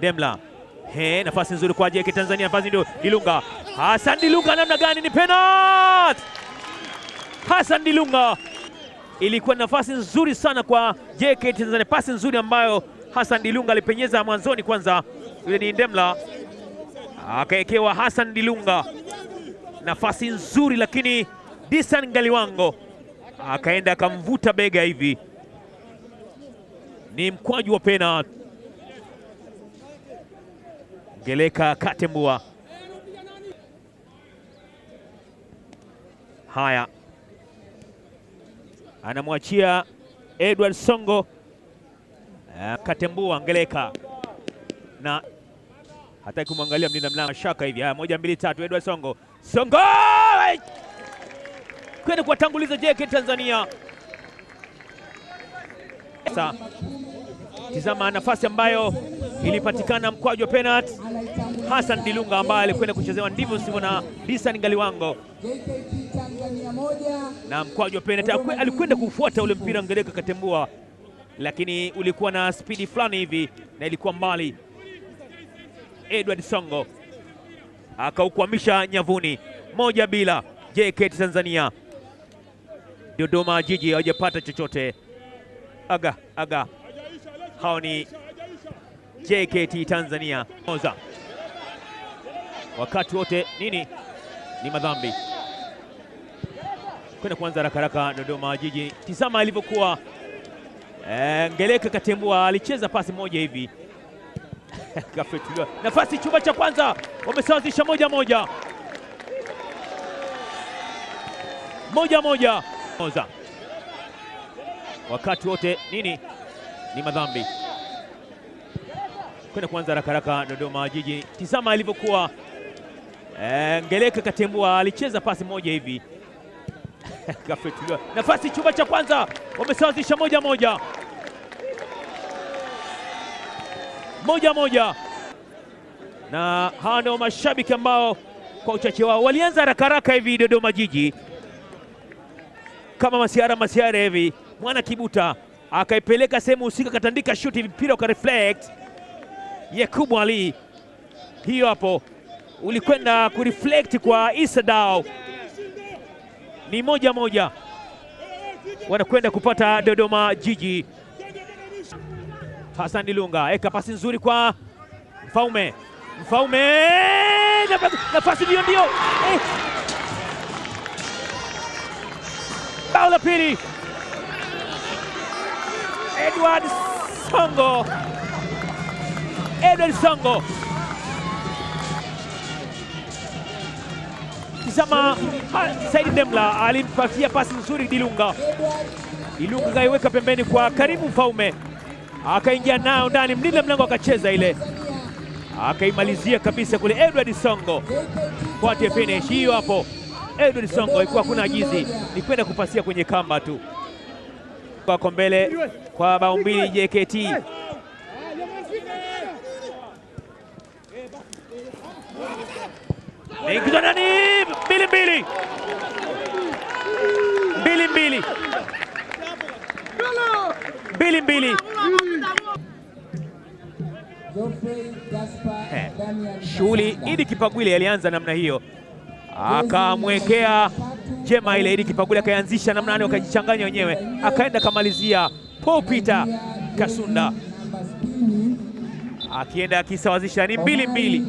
Demla He, nafasi nzuri kwa JK Tanzania nafasi ndio Dilunga. Hassan Dilunga namna gani? Ni penalty! Hassan Dilunga, ilikuwa nafasi nzuri sana kwa JK Tanzania, pasi nzuri ambayo Hassan Dilunga alipenyeza mwanzoni. Kwanza yule ni demla akaekewa Hassan Dilunga, nafasi nzuri, lakini Disan galiwango akaenda akamvuta bega hivi, ni mkwaju wa penalty. Geleka Katembua. Haya, anamwachia Edward Songo. Eh, Katembua Ngeleka na hataki kumwangalia mlinda mlango shaka hivi. Haya, moja mbili tatu, Edward Songo, Songo kwenda kuwatanguliza JK Tanzania. tizama nafasi ambayo ilipatikana mkwaju wa penalti. Hassan Dilunga ambaye alikwenda kuchezewa ndivyo sivyo na Disan Galiwango na mkwaju wa penalti alikwenda kufuata ule mpira, Ngereka katembua, lakini ulikuwa na spidi fulani hivi na ilikuwa mbali. Edward Songo akaukwamisha nyavuni, moja bila. JKT Tanzania, Dodoma Jiji hawajapata chochote. Aga aga, hao ni JKT Tanzania Moza. Wakati wote nini ni madhambi kwenda kuanza rakaraka Dodoma Jiji. Tizama ilivyokuwa e, eh, Ngeleka Katembua alicheza pasi moja hivi kafetuliwa. Nafasi chumba cha kwanza, wamesawazisha moja moja moja moja. Wakati wote nini ni madhambi kwenda kuanza haraka haraka Dodoma Jiji. Tizama alivyokuwa e, eh, Ngeleka Katembua alicheza pasi moja hivi kafetuliwa. Nafasi chumba cha kwanza, wamesawazisha moja moja moja moja, na hawa ndio mashabiki ambao kwa uchache wao walianza haraka haraka hivi Dodoma Jiji kama masiara masiara hivi, mwana Kibuta akaipeleka sehemu husika, akatandika shuti, mpira reflect Yakubu Ali. Hiyo hapo ulikwenda kureflect kwa Issa Dao, ni moja moja, wanakwenda kupata Dodoma Jiji. Hassan Dilunga eka pasi nzuri kwa Mfaume. Mfaume nafasi ndiyo ndio, eh. Bao la pili Edward Songo. Edward Songo. Tizama Saidi Demla alimpatia pasi nzuri Dilunga. Dilunga kaiweka pembeni kwa Karimu Mfaume, akaingia nao ndani, mlinda mlango akacheza ile, akaimalizia kabisa kule Edward Songo. kwate finish hiyo hapo. Edward Songo alikuwa hakuna ajizi, ni kwenda kupasia kwenye kamba tu. Wako mbele kwa bao mbili JKT. Nikuzanani Bilim mbili Bilim mbili mbili mbili. Eh, shughuli Idi Kipagwile alianza namna hiyo, akamwekea jema ile Idi Kipagwile akaianzisha namna nane, wakajichanganya wenyewe, akaenda akamalizia Paul Peter Kasunda akienda akisawazisha, ni mbili mbili.